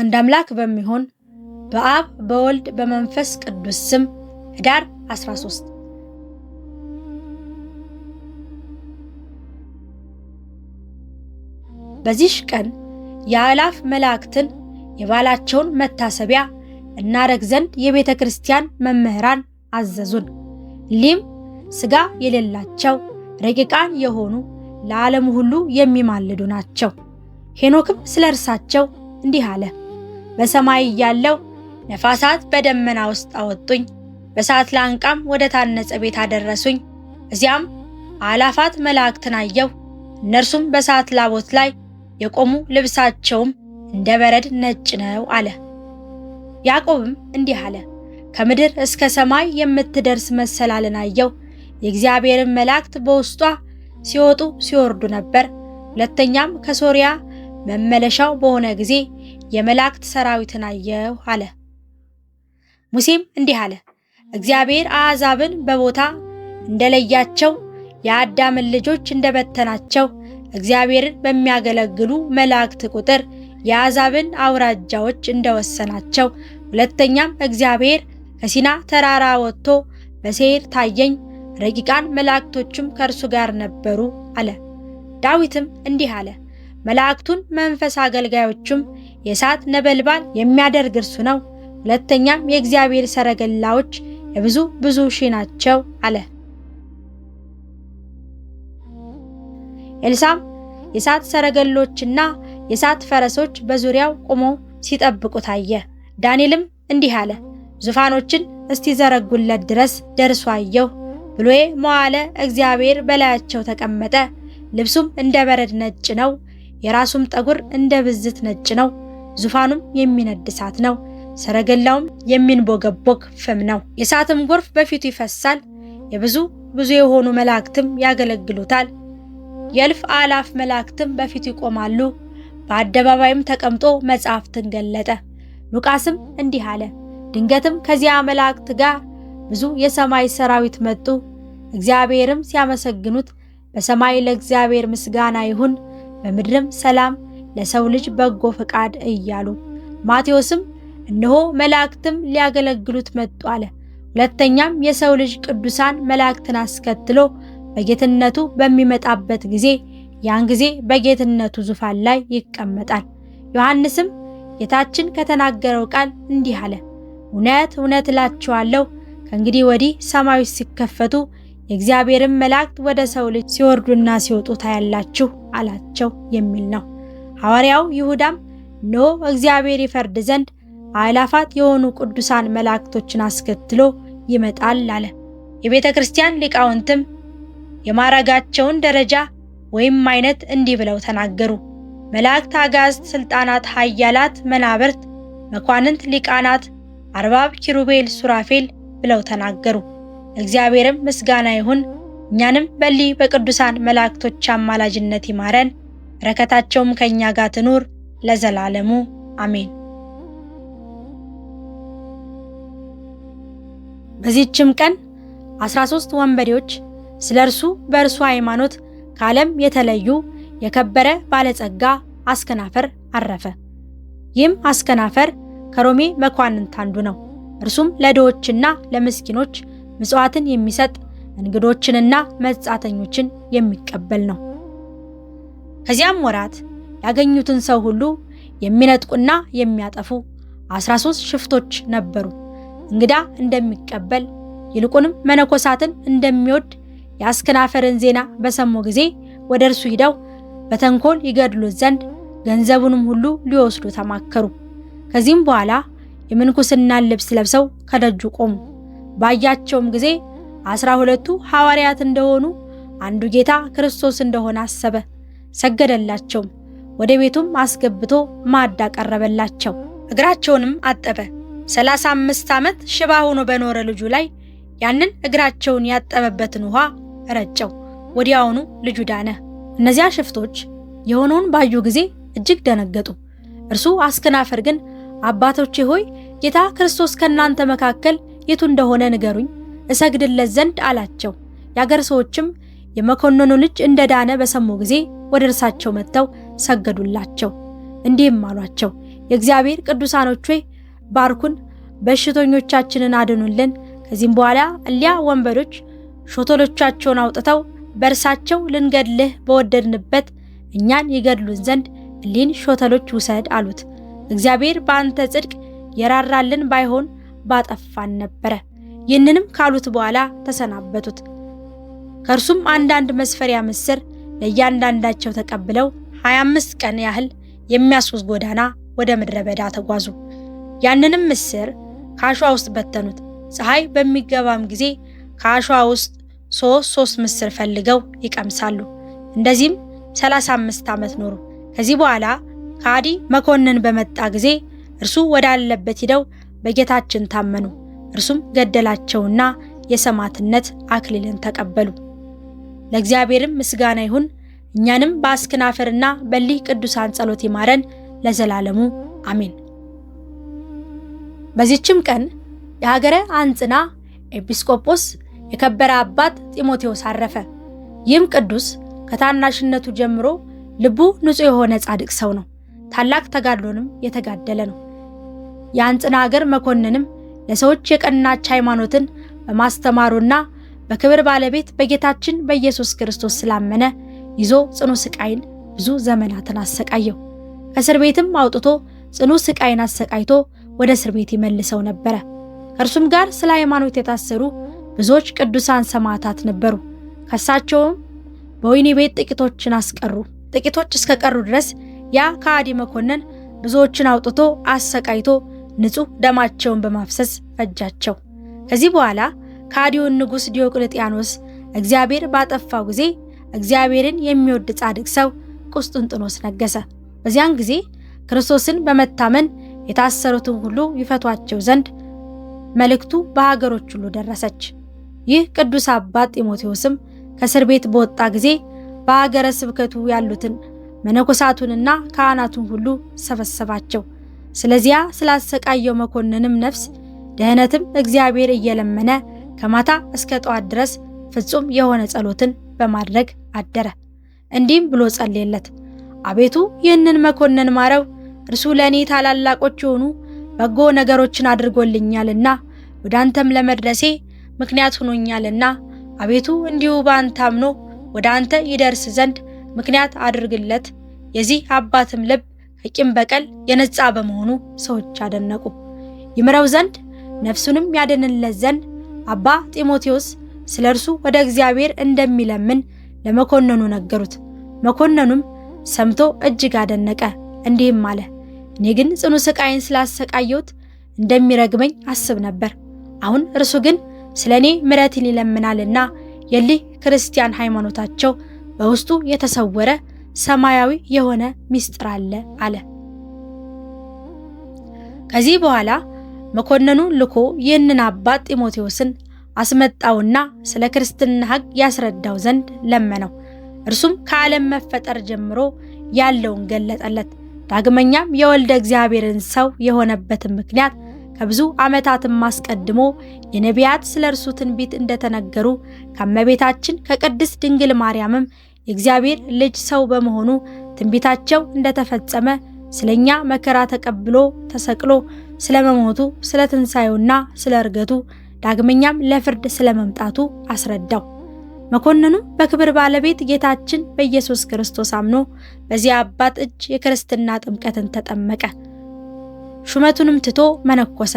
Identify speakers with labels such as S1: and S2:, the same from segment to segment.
S1: አንድ አምላክ በሚሆን በአብ በወልድ በመንፈስ ቅዱስ ስም ህዳር 13 በዚህ ቀን የአእላፍ መላእክትን የባላቸውን መታሰቢያ እናረግ ዘንድ የቤተ ክርስቲያን መምህራን አዘዙን። ሊም ሥጋ የሌላቸው ረቂቃን የሆኑ ለዓለም ሁሉ የሚማልዱ ናቸው። ሄኖክም ስለ እርሳቸው እንዲህ አለ። በሰማይ ያለው ነፋሳት በደመና ውስጥ አወጡኝ፣ በሳት ላንቃም ወደ ታነጸ ቤት አደረሱኝ። እዚያም አላፋት መላእክትን አየሁ። እነርሱም በሳት ላቦት ላይ የቆሙ ልብሳቸውም እንደ በረድ ነጭ ነው አለ። ያዕቆብም እንዲህ አለ፣ ከምድር እስከ ሰማይ የምትደርስ መሰላልን አየሁ። የእግዚአብሔርን መላእክት በውስጧ ሲወጡ ሲወርዱ ነበር። ሁለተኛም ከሶርያ መመለሻው በሆነ ጊዜ የመላእክት ሰራዊትን አየው አለ። ሙሴም እንዲህ አለ፣ እግዚአብሔር አሕዛብን በቦታ እንደለያቸው የአዳምን ልጆች እንደበተናቸው እግዚአብሔርን በሚያገለግሉ መላእክት ቁጥር የአሕዛብን አውራጃዎች እንደወሰናቸው ሁለተኛም እግዚአብሔር ከሲና ተራራ ወጥቶ በሴር ታየኝ፣ ረቂቃን መላእክቶችም ከእርሱ ጋር ነበሩ አለ። ዳዊትም እንዲህ አለ፣ መላእክቱን መንፈስ አገልጋዮቹም የእሳት ነበልባል የሚያደርግ እርሱ ነው። ሁለተኛም የእግዚአብሔር ሰረገላዎች የብዙ ብዙ ሺህ ናቸው አለ። ኤልሳም የእሳት ሰረገሎችና የእሳት ፈረሶች በዙሪያው ቆሞ ሲጠብቁ ታየ። ዳንኤልም እንዲህ አለ፣ ዙፋኖችን እስኪዘረጉለት ድረስ ደርሶ አየሁ። ብሎዬ መዋለ እግዚአብሔር በላያቸው ተቀመጠ። ልብሱም እንደ በረድ ነጭ ነው፣ የራሱም ጠጉር እንደ ብዝት ነጭ ነው። ዙፋኑም የሚነድ እሳት ነው፣ ሰረገላውም የሚንቦገቦግ ፍም ነው። የእሳትም ጎርፍ በፊቱ ይፈሳል፣ የብዙ ብዙ የሆኑ መላእክትም ያገለግሉታል። የእልፍ አላፍ መላእክትም በፊቱ ይቆማሉ። በአደባባይም ተቀምጦ መጽሐፍትን ገለጠ። ሉቃስም እንዲህ አለ። ድንገትም ከዚያ መላእክት ጋር ብዙ የሰማይ ሰራዊት መጡ። እግዚአብሔርም ሲያመሰግኑት በሰማይ ለእግዚአብሔር ምስጋና ይሁን፣ በምድርም ሰላም ለሰው ልጅ በጎ ፈቃድ እያሉ ማቴዎስም እነሆ መላእክትም ሊያገለግሉት መጡ አለ። ሁለተኛም የሰው ልጅ ቅዱሳን መላእክትን አስከትሎ በጌትነቱ በሚመጣበት ጊዜ ያን ጊዜ በጌትነቱ ዙፋን ላይ ይቀመጣል። ዮሐንስም ጌታችን ከተናገረው ቃል እንዲህ አለ፣ እውነት እውነት እላችኋለሁ ከእንግዲህ ወዲህ ሰማዮች ሲከፈቱ የእግዚአብሔርን መላእክት ወደ ሰው ልጅ ሲወርዱና ሲወጡ ታያላችሁ አላቸው የሚል ነው። ሐዋርያው ይሁዳም ኖ እግዚአብሔር ይፈርድ ዘንድ አእላፋት የሆኑ ቅዱሳን መላእክቶችን አስከትሎ ይመጣል አለ። የቤተ ክርስቲያን ሊቃውንትም የማረጋቸውን ደረጃ ወይም አይነት እንዲህ ብለው ተናገሩ። መላእክት፣ አጋዕዝት፣ ስልጣናት፣ ኃያላት፣ መናብርት፣ መኳንንት፣ ሊቃናት፣ አርባብ፣ ኪሩቤል፣ ሱራፌል ብለው ተናገሩ። እግዚአብሔርም ምስጋና ይሁን እኛንም በሊ በቅዱሳን መላእክቶች አማላጅነት ይማረን በረከታቸውም ከእኛ ጋር ትኑር ለዘላለሙ አሜን። በዚህችም ቀን አስራ ሦስት ወንበዴዎች ስለ እርሱ በእርሱ ሃይማኖት ከዓለም የተለዩ የከበረ ባለጸጋ አስከናፈር አረፈ። ይህም አስከናፈር ከሮሜ መኳንንት አንዱ ነው። እርሱም ለድሆችና ለምስኪኖች ምጽዋትን የሚሰጥ እንግዶችንና መጻተኞችን የሚቀበል ነው። ከዚያም ወራት ያገኙትን ሰው ሁሉ የሚነጥቁና የሚያጠፉ 13 ሽፍቶች ነበሩ። እንግዳ እንደሚቀበል ይልቁንም መነኮሳትን እንደሚወድ የአስከናፈርን ዜና በሰሙ ጊዜ ወደ እርሱ ሂደው በተንኮል ይገድሉት ዘንድ ገንዘቡንም ሁሉ ሊወስዱ ተማከሩ። ከዚህም በኋላ የምንኩስናን ልብስ ለብሰው ከደጁ ቆሙ። ባያቸውም ጊዜ አስራ ሁለቱ ሐዋርያት እንደሆኑ አንዱ ጌታ ክርስቶስ እንደሆነ አሰበ። ሰገደላቸው። ወደ ቤቱም አስገብቶ ማዕድ አቀረበላቸው። እግራቸውንም አጠበ። ሰላሳ አምስት ዓመት ሽባ ሆኖ በኖረ ልጁ ላይ ያንን እግራቸውን ያጠበበትን ውሃ ረጨው። ወዲያውኑ ልጁ ዳነ። እነዚያ ሽፍቶች የሆነውን ባዩ ጊዜ እጅግ ደነገጡ። እርሱ አስከናፈር ግን አባቶቼ ሆይ ጌታ ክርስቶስ ከእናንተ መካከል የቱ እንደሆነ ንገሩኝ እሰግድለት ዘንድ አላቸው። የአገር ሰዎችም የመኮንኑ ልጅ እንደዳነ በሰሙ ጊዜ ወደ እርሳቸው መጥተው ሰገዱላቸው። እንዲህም አሏቸው፣ የእግዚአብሔር ቅዱሳኖች ሆይ ባርኩን፣ በሽተኞቻችንን አድኑልን። ከዚህም በኋላ እሊያ ወንበዶች ሾተሎቻቸውን አውጥተው በእርሳቸው ልንገድልህ በወደድንበት እኛን ይገድሉን ዘንድ እሊን ሾተሎች ውሰድ አሉት። እግዚአብሔር በአንተ ጽድቅ የራራልን ባይሆን ባጠፋን ነበረ። ይህንንም ካሉት በኋላ ተሰናበቱት። ከእርሱም አንዳንድ መስፈሪያ ምስር ለእያንዳንዳቸው ተቀብለው 25 ቀን ያህል የሚያስወዝ ጎዳና ወደ ምድረ በዳ ተጓዙ። ያንንም ምስር ከአሸዋ ውስጥ በተኑት። ፀሐይ በሚገባም ጊዜ ከአሸዋ ውስጥ ሶስት ሶስት ምስር ፈልገው ይቀምሳሉ። እንደዚህም 35 ዓመት ኖሩ። ከዚህ በኋላ ከአዲ መኮንን በመጣ ጊዜ እርሱ ወዳለበት ሂደው በጌታችን ታመኑ። እርሱም ገደላቸውና የሰማዕትነት አክሊልን ተቀበሉ። ለእግዚአብሔርም ምስጋና ይሁን። እኛንም በአስክናፍርና በሊህ ቅዱሳን ጸሎት ይማረን ለዘላለሙ አሜን። በዚችም ቀን የሀገረ አንጽና ኤጲስቆጶስ የከበረ አባት ጢሞቴዎስ አረፈ። ይህም ቅዱስ ከታናሽነቱ ጀምሮ ልቡ ንጹሕ የሆነ ጻድቅ ሰው ነው። ታላቅ ተጋድሎንም የተጋደለ ነው። የአንጽና ሀገር መኮንንም ለሰዎች የቀናች ሃይማኖትን በማስተማሩና በክብር ባለቤት በጌታችን በኢየሱስ ክርስቶስ ስላመነ ይዞ ጽኑ ስቃይን ብዙ ዘመናትን አሰቃየው። እስር ቤትም አውጥቶ ጽኑ ስቃይን አሰቃይቶ ወደ እስር ቤት ይመልሰው ነበረ። ከእርሱም ጋር ስለ ሃይማኖት የታሰሩ ብዙዎች ቅዱሳን ሰማዕታት ነበሩ። ከሳቸውም በወህኒ ቤት ጥቂቶችን አስቀሩ። ጥቂቶች እስከቀሩ ድረስ ያ ከሃዲ መኮንን ብዙዎችን አውጥቶ አሰቃይቶ ንጹሕ ደማቸውን በማፍሰስ ፈጃቸው። ከዚህ በኋላ ከሃዲውን ንጉሥ ዲዮቅልጥያኖስ እግዚአብሔር ባጠፋው ጊዜ እግዚአብሔርን የሚወድ ጻድቅ ሰው ቁስጥንጥኖስ ነገሰ። በዚያን ጊዜ ክርስቶስን በመታመን የታሰሩትን ሁሉ ይፈቷቸው ዘንድ መልእክቱ በሀገሮች ሁሉ ደረሰች። ይህ ቅዱስ አባት ጢሞቴዎስም ከእስር ቤት በወጣ ጊዜ በሀገረ ስብከቱ ያሉትን መነኮሳቱንና ካህናቱን ሁሉ ሰበሰባቸው። ስለዚያ ስላሰቃየው መኮንንም ነፍስ ደህነትም እግዚአብሔር እየለመነ ከማታ እስከ ጠዋት ድረስ ፍጹም የሆነ ጸሎትን በማድረግ አደረ። እንዲህም ብሎ ጸለየለት፣ አቤቱ ይህንን መኮንን ማረው፣ እርሱ ለእኔ ታላላቆች የሆኑ በጎ ነገሮችን አድርጎልኛልና ወደ አንተም ለመድረሴ ምክንያት ሆኖኛልና አቤቱ እንዲሁ በአንተ አምኖ ወደ አንተ ይደርስ ዘንድ ምክንያት አድርግለት። የዚህ አባትም ልብ ከቂም በቀል የነጻ በመሆኑ ሰዎች አደነቁ። ይምረው ዘንድ ነፍሱንም ያድንለት ዘንድ አባ ጢሞቴዎስ ስለ እርሱ ወደ እግዚአብሔር እንደሚለምን ለመኮንኑ ነገሩት። መኮንኑም ሰምቶ እጅግ አደነቀ፣ እንዲህም አለ እኔ ግን ጽኑ ስቃይን ስላሰቃየሁት እንደሚረግመኝ አስብ ነበር። አሁን እርሱ ግን ስለ እኔ ምረትን ይለምናልና የሊህ ክርስቲያን ሃይማኖታቸው በውስጡ የተሰወረ ሰማያዊ የሆነ ምስጢር አለ አለ። ከዚህ በኋላ መኮንኑን ልኮ ይህንን አባት ጢሞቴዎስን አስመጣውና ስለ ክርስትና ሕግ ያስረዳው ዘንድ ለመነው። እርሱም ከዓለም መፈጠር ጀምሮ ያለውን ገለጠለት። ዳግመኛም የወልደ እግዚአብሔርን ሰው የሆነበትን ምክንያት ከብዙ ዓመታትም አስቀድሞ የነቢያት ስለ እርሱ ትንቢት እንደተነገሩ ከመቤታችን ከቅድስት ድንግል ማርያምም የእግዚአብሔር ልጅ ሰው በመሆኑ ትንቢታቸው እንደተፈጸመ ስለኛ መከራ ተቀብሎ ተሰቅሎ ስለ መሞቱ፣ ስለ ትንሣኤውና ስለ እርገቱ ዳግመኛም ለፍርድ ስለ መምጣቱ አስረዳው። መኮንኑ በክብር ባለቤት ጌታችን በኢየሱስ ክርስቶስ አምኖ በዚያ አባት እጅ የክርስትና ጥምቀትን ተጠመቀ። ሹመቱንም ትቶ መነኮሰ፣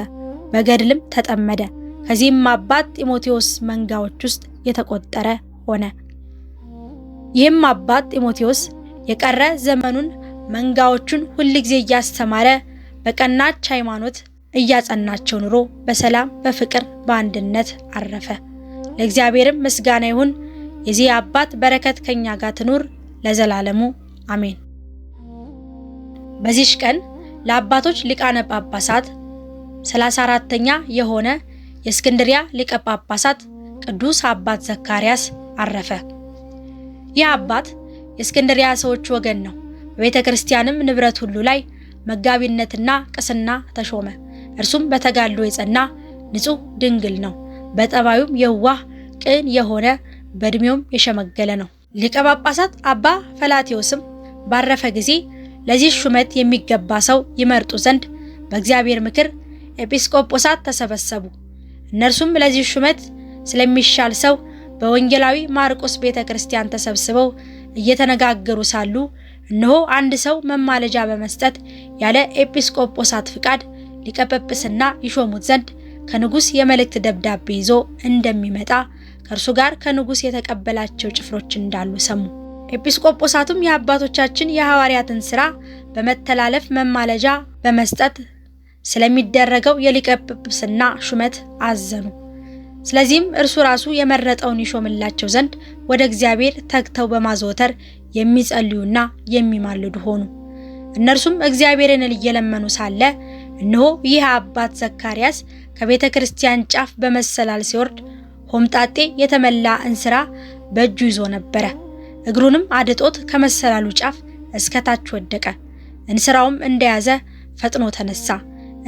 S1: በገድልም ተጠመደ። ከዚህም አባት ጢሞቴዎስ መንጋዎች ውስጥ የተቆጠረ ሆነ። ይህም አባት ጢሞቴዎስ የቀረ ዘመኑን መንጋዎቹን ሁልጊዜ እያስተማረ በቀናች ሃይማኖት እያጸናቸው ኑሮ በሰላም በፍቅር በአንድነት አረፈ። ለእግዚአብሔርም ምስጋና ይሁን። የዚህ አባት በረከት ከኛ ጋር ትኑር ለዘላለሙ አሜን። በዚች ቀን ለአባቶች ሊቃነ ጳጳሳት 34ተኛ የሆነ የእስክንድሪያ ሊቀ ጳጳሳት ቅዱስ አባት ዘካርያስ አረፈ። ይህ አባት የእስክንድሪያ ሰዎች ወገን ነው። በቤተ ክርስቲያንም ንብረት ሁሉ ላይ መጋቢነትና ቅስና ተሾመ። እርሱም በተጋድሎ የጸና ንጹሕ ድንግል ነው። በጠባዩም የዋህ ቅን የሆነ በእድሜውም የሸመገለ ነው። ሊቀ ጳጳሳት አባ ፈላቴዎስም ባረፈ ጊዜ ለዚህ ሹመት የሚገባ ሰው ይመርጡ ዘንድ በእግዚአብሔር ምክር ኤጲስቆጶሳት ተሰበሰቡ። እነርሱም ለዚህ ሹመት ስለሚሻል ሰው በወንጌላዊ ማርቆስ ቤተ ክርስቲያን ተሰብስበው እየተነጋገሩ ሳሉ እነሆ አንድ ሰው መማለጃ በመስጠት ያለ ኤጲስቆጶሳት ፍቃድ ሊቀጵጵስና ይሾሙት ዘንድ ከንጉስ የመልእክት ደብዳቤ ይዞ እንደሚመጣ ከእርሱ ጋር ከንጉስ የተቀበላቸው ጭፍሮች እንዳሉ ሰሙ። ኤጲስቆጶሳቱም የአባቶቻችን የሐዋርያትን ሥራ በመተላለፍ መማለጃ በመስጠት ስለሚደረገው የሊቀ ጵጵስና ሹመት አዘኑ። ስለዚህም እርሱ ራሱ የመረጠውን ይሾምላቸው ዘንድ ወደ እግዚአብሔር ተግተው በማዘወተር የሚጸልዩና የሚማልዱ ሆኑ። እነርሱም እግዚአብሔርን እየለመኑ ሳለ እነሆ ይህ አባት ዘካርያስ ከቤተ ክርስቲያን ጫፍ በመሰላል ሲወርድ ሆምጣጤ የተመላ እንስራ በእጁ ይዞ ነበረ። እግሩንም አድጦት ከመሰላሉ ጫፍ እስከ ታች ወደቀ። እንስራውም እንደያዘ ፈጥኖ ተነሳ።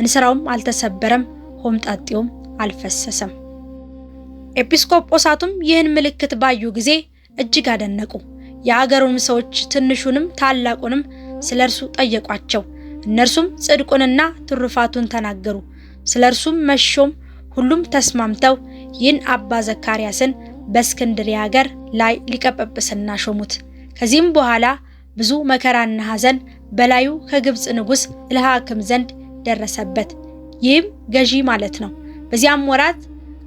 S1: እንስራውም አልተሰበረም፣ ሆምጣጤውም አልፈሰሰም። ኤጲስቆጶሳቱም ይህን ምልክት ባዩ ጊዜ እጅግ አደነቁ። የአገሩንም ሰዎች ትንሹንም ታላቁንም ስለ እርሱ ጠየቋቸው። እነርሱም ጽድቁንና ትሩፋቱን ተናገሩ። ስለ እርሱም መሾም ሁሉም ተስማምተው ይህን አባ ዘካርያስን በእስክንድርያ ሀገር ላይ ሊቀ ሾሙት። ከዚህም በኋላ ብዙ መከራና ሐዘን በላዩ ከግብፅ ንጉሥ እልሃክም ዘንድ ደረሰበት። ይህም ገዢ ማለት ነው። በዚያም ወራት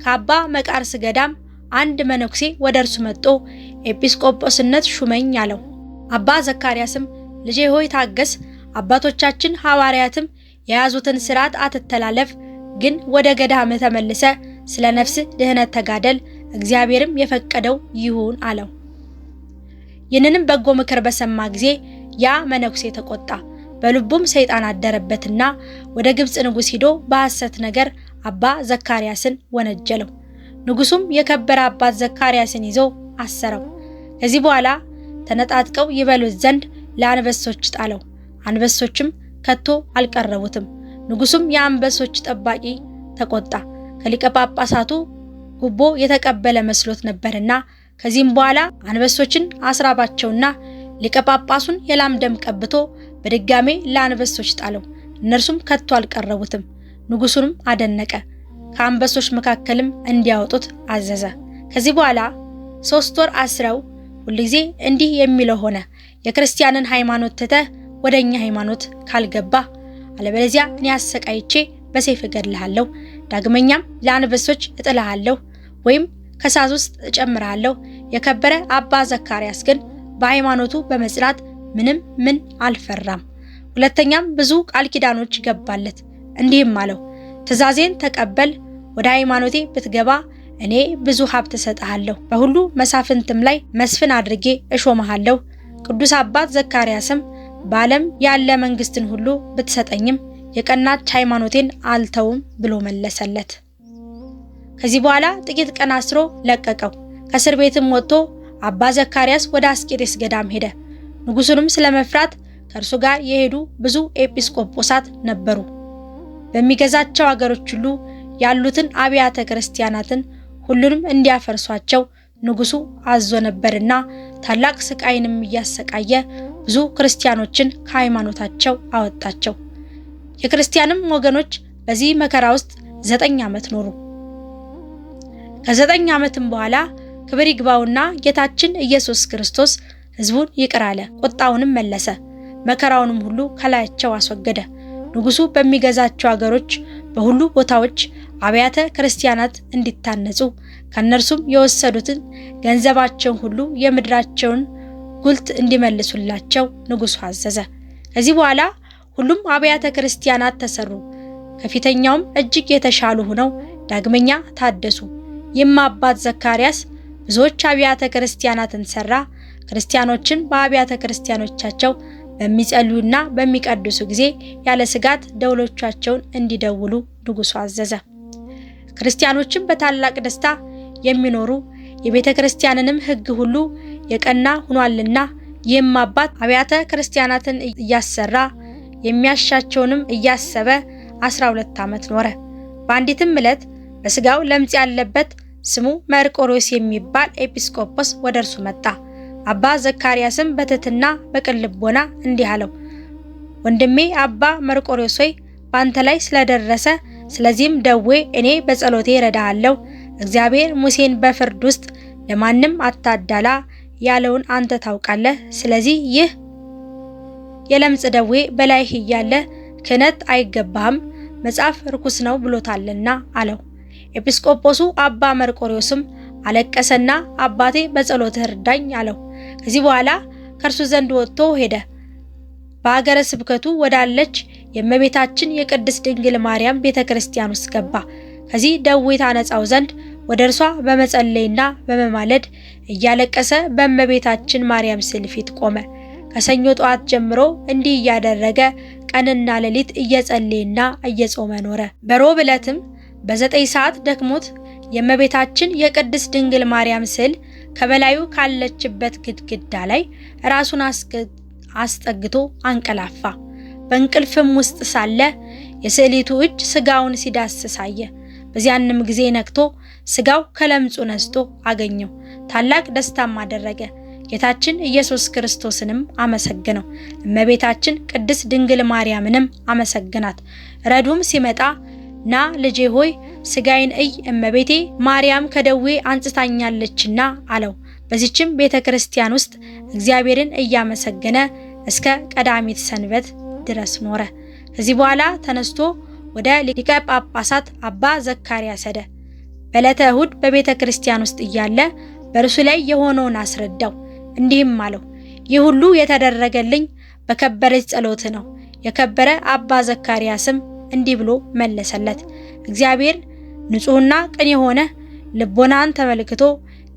S1: ከአባ መቃርስ ገዳም አንድ መነኩሴ ወደ እርሱ መጥቶ ኤጲስቆጶስነት ሹመኝ አለው። አባ ዘካርያስም ልጄ ሆይ ታገስ፣ አባቶቻችን ሐዋርያትም የያዙትን ስርዓት አትተላለፍ፣ ግን ወደ ገዳም ተመልሰ ስለ ነፍስ ድህነት ተጋደል፣ እግዚአብሔርም የፈቀደው ይሁን አለው። ይህንንም በጎ ምክር በሰማ ጊዜ ያ መነኩሴ ተቆጣ። በልቡም ሰይጣን አደረበትና ወደ ግብፅ ንጉሥ ሂዶ በሐሰት ነገር አባ ዘካርያስን ወነጀለው። ንጉሡም የከበረ አባት ዘካርያስን ይዞ አሰረው። ከዚህ በኋላ ተነጣጥቀው ይበሉት ዘንድ ለአንበሶች ጣለው። አንበሶችም ከቶ አልቀረቡትም። ንጉሱም የአንበሶች ጠባቂ ተቆጣ፣ ከሊቀ ጳጳሳቱ ጉቦ የተቀበለ መስሎት ነበርና። ከዚህም በኋላ አንበሶችን አስራባቸውና ሊቀ ጳጳሱን የላም ደም ቀብቶ በድጋሜ ለአንበሶች ጣለው። እነርሱም ከቶ አልቀረቡትም። ንጉሱንም አደነቀ። ከአንበሶች መካከልም እንዲያወጡት አዘዘ። ከዚህ በኋላ ሶስት ወር አስረው ሁልጊዜ እንዲህ የሚለው ሆነ የክርስቲያንን ሃይማኖት ትተህ ወደ እኛ ሃይማኖት ካልገባ፣ አለበለዚያ እኔ አሰቃይቼ በሰይፍ እገድልሃለሁ፣ ዳግመኛም ለአንበሶች እጥልሃለሁ ወይም ከሳት ውስጥ እጨምርሃለሁ። የከበረ አባ ዘካርያስ ግን በሃይማኖቱ በመጽናት ምንም ምን አልፈራም። ሁለተኛም ብዙ ቃል ኪዳኖች ገባለት። እንዲህም አለው፣ ትእዛዜን ተቀበል፣ ወደ ሃይማኖቴ ብትገባ እኔ ብዙ ሀብት እሰጥሃለሁ፣ በሁሉ መሳፍንትም ላይ መስፍን አድርጌ እሾመሃለሁ ቅዱስ አባት ዘካርያስም በዓለም ያለ መንግስትን ሁሉ ብትሰጠኝም የቀናች ሃይማኖቴን አልተውም ብሎ መለሰለት። ከዚህ በኋላ ጥቂት ቀን አስሮ ለቀቀው። ከእስር ቤትም ወጥቶ አባ ዘካርያስ ወደ አስቄጤስ ገዳም ሄደ። ንጉሱንም ስለመፍራት ከእርሱ ጋር የሄዱ ብዙ ኤጲስቆጶሳት ነበሩ። በሚገዛቸው አገሮች ሁሉ ያሉትን አብያተ ክርስቲያናትን ሁሉንም እንዲያፈርሷቸው ንጉሱ አዞ ነበርና ታላቅ ስቃይንም እያሰቃየ ብዙ ክርስቲያኖችን ከሃይማኖታቸው አወጣቸው። የክርስቲያንም ወገኖች በዚህ መከራ ውስጥ ዘጠኝ ዓመት ኖሩ። ከዘጠኝ ዓመትም በኋላ ክብር ይግባውና ጌታችን ኢየሱስ ክርስቶስ ሕዝቡን ይቅር አለ፣ ቁጣውንም መለሰ፣ መከራውንም ሁሉ ከላያቸው አስወገደ። ንጉሡ በሚገዛቸው አገሮች በሁሉ ቦታዎች አብያተ ክርስቲያናት እንዲታነጹ ከእነርሱም የወሰዱትን ገንዘባቸውን ሁሉ የምድራቸውን ጉልት እንዲመልሱላቸው ንጉሡ አዘዘ። ከዚህ በኋላ ሁሉም አብያተ ክርስቲያናት ተሰሩ፣ ከፊተኛውም እጅግ የተሻሉ ሆነው ዳግመኛ ታደሱ። ይህም አባት ዘካርያስ ብዙዎች አብያተ ክርስቲያናትን ሰራ። ክርስቲያኖችን በአብያተ ክርስቲያኖቻቸው በሚጸልዩና በሚቀድሱ ጊዜ ያለ ስጋት ደውሎቻቸውን እንዲደውሉ ንጉሡ አዘዘ። ክርስቲያኖችን በታላቅ ደስታ የሚኖሩ የቤተ ክርስቲያንንም ሕግ ሁሉ የቀና ሆኗልና ይህም አባት አብያተ ክርስቲያናትን እያሰራ የሚያሻቸውንም እያሰበ 12 ዓመት ኖረ። በአንዲትም ዕለት በስጋው ለምጽ ያለበት ስሙ መርቆሬዎስ የሚባል ኤጲስቆጶስ ወደ እርሱ መጣ። አባ ዘካርያስም በትህትና በቅን ልቦና እንዲህ አለው፣ ወንድሜ አባ መርቆሬዎስ ሆይ በአንተ ላይ ስለደረሰ ስለዚህም ደዌ እኔ በጸሎቴ ረዳሃለሁ። እግዚአብሔር ሙሴን በፍርድ ውስጥ ለማንም አታዳላ ያለውን አንተ ታውቃለህ። ስለዚህ ይህ የለምጽ ደዌ በላይህ እያለ ክህነት አይገባህም፣ መጽሐፍ ርኩስ ነው ብሎታልና አለው። ኤጲስቆጶሱ አባ መርቆሪዎስም አለቀሰና አባቴ በጸሎት እርዳኝ አለው። ከዚህ በኋላ ከእርሱ ዘንድ ወጥቶ ሄደ። በአገረ ስብከቱ ወዳለች የእመቤታችን የቅድስት ድንግል ማርያም ቤተ ክርስቲያን ውስጥ ገባ። ከዚህ ደዌ ታነጻው ዘንድ ወደ እርሷ በመጸለይና በመማለድ እያለቀሰ በእመቤታችን ማርያም ስዕል ፊት ቆመ። ከሰኞ ጠዋት ጀምሮ እንዲህ እያደረገ ቀንና ሌሊት እየጸለየና እየጾመ ኖረ። በሮብ ዕለትም በዘጠኝ ሰዓት ደክሞት የእመቤታችን የቅድስት ድንግል ማርያም ስዕል ከበላዩ ካለችበት ግድግዳ ላይ ራሱን አስጠግቶ አንቀላፋ። በእንቅልፍም ውስጥ ሳለ የስዕሊቱ እጅ ስጋውን ሲዳስስ አየ። በዚያንም ጊዜ ነክቶ ስጋው ከለምጹ ነስቶ አገኘው። ታላቅ ደስታም አደረገ። ጌታችን ኢየሱስ ክርስቶስንም አመሰግነው። እመቤታችን ቅድስት ድንግል ማርያምንም አመሰግናት። ረዱም ሲመጣ ና ልጄ ሆይ ስጋይን እይ፣ እመቤቴ ማርያም ከደዌ አንጽታኛለችና አለው። በዚችም ቤተ ክርስቲያን ውስጥ እግዚአብሔርን እያመሰገነ እስከ ቀዳሚት ሰንበት ድረስ ኖረ። ከዚህ በኋላ ተነስቶ ወደ ሊቀ ጳጳሳት አባ ዘካርያስ ሄደ። በዕለተ እሁድ በቤተ ክርስቲያን ውስጥ እያለ በእርሱ ላይ የሆነውን አስረዳው። እንዲህም አለው፣ ይህ ሁሉ የተደረገልኝ በከበረች ጸሎት ነው። የከበረ አባ ዘካርያስም እንዲህ ብሎ መለሰለት፣ እግዚአብሔር ንጹሕና ቅን የሆነ ልቦናን ተመልክቶ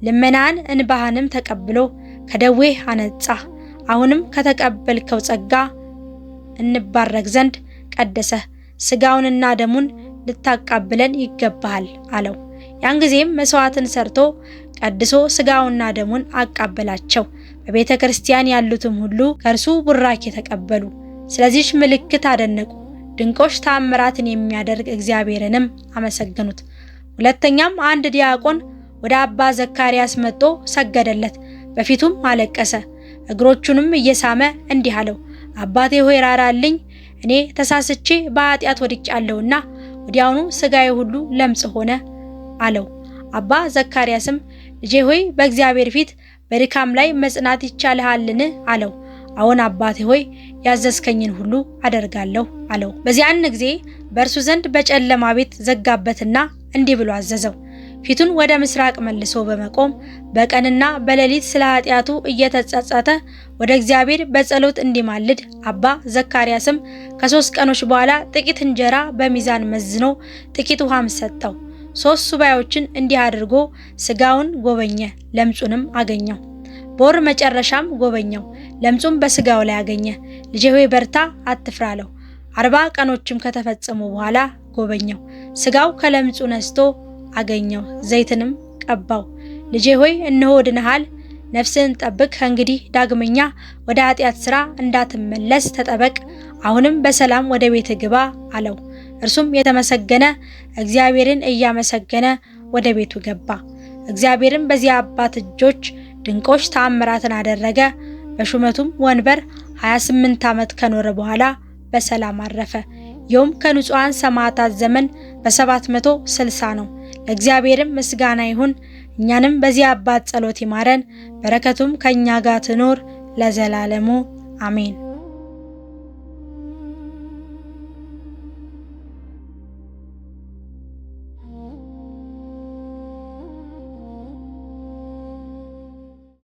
S1: ልመናን እንባህንም ተቀብሎ ከደዌህ አነጻ። አሁንም ከተቀበልከው ጸጋ እንባረክ ዘንድ ቀደሰህ። ስጋውንና ደሙን ልታቃብለን ይገባሃል አለው። ያን ጊዜም መስዋዕትን ሰርቶ ቀድሶ ስጋውና ደሙን አቃበላቸው። በቤተ ክርስቲያን ያሉትም ሁሉ ከእርሱ ቡራኬ ተቀበሉ። ስለዚህ ምልክት አደነቁ። ድንቆች ተአምራትን የሚያደርግ እግዚአብሔርንም አመሰገኑት። ሁለተኛም አንድ ዲያቆን ወደ አባ ዘካርያስ መጥቶ ሰገደለት፣ በፊቱም አለቀሰ። እግሮቹንም እየሳመ እንዲህ አለው፣ አባቴ ሆይ ራራልኝ፣ እኔ ተሳስቼ በኃጢአት ወድቄአለሁና ወዲያውኑ ሥጋዬ ሁሉ ለምጽ ሆነ አለው። አባ ዘካርያስም ልጄ ሆይ በእግዚአብሔር ፊት በድካም ላይ መጽናት ይቻልሃልን? አለው። አዎን አባቴ ሆይ ያዘዝከኝን ሁሉ አደርጋለሁ አለው። በዚያን ጊዜ በእርሱ ዘንድ በጨለማ ቤት ዘጋበትና እንዲህ ብሎ አዘዘው ፊቱን ወደ ምስራቅ መልሶ በመቆም በቀንና በሌሊት ስለ ኃጢአቱ እየተጸጸተ ወደ እግዚአብሔር በጸሎት እንዲማልድ አባ ዘካርያስም ከሶስት ቀኖች በኋላ ጥቂት እንጀራ በሚዛን መዝኖ ጥቂት ውሃም ሰጠው። ሶስት ሱባዮችን እንዲህ አድርጎ ስጋውን ጎበኘ፣ ለምጹንም አገኘው። በወር መጨረሻም ጎበኘው፣ ለምጹም በስጋው ላይ አገኘ። ልጄ ሆይ በርታ፣ አትፍራ አለው። አርባ ቀኖችም ከተፈጸሙ በኋላ ጎበኘው፣ ስጋው ከለምጹ ነስቶ አገኘው፣ ዘይትንም ቀባው። ልጄ ሆይ እነሆ ድነሃል፣ ነፍስን ጠብቅ፣ ከእንግዲህ ዳግመኛ ወደ ኃጢአት ስራ እንዳትመለስ ተጠበቅ፣ አሁንም በሰላም ወደ ቤት ግባ አለው። እርሱም የተመሰገነ እግዚአብሔርን እያመሰገነ ወደ ቤቱ ገባ። እግዚአብሔርም በዚያ አባት እጆች ድንቆች ተአምራትን አደረገ። በሹመቱም ወንበር 28 ዓመት ከኖረ በኋላ በሰላም አረፈ። ይኸውም ከንጹሐን ሰማዕታት ዘመን በ760 ነው። እግዚአብሔርም ምስጋና ይሁን። እኛንም በዚህ አባት ጸሎት ይማረን፣ በረከቱም ከእኛ ጋር ትኖር ለዘላለሙ አሜን።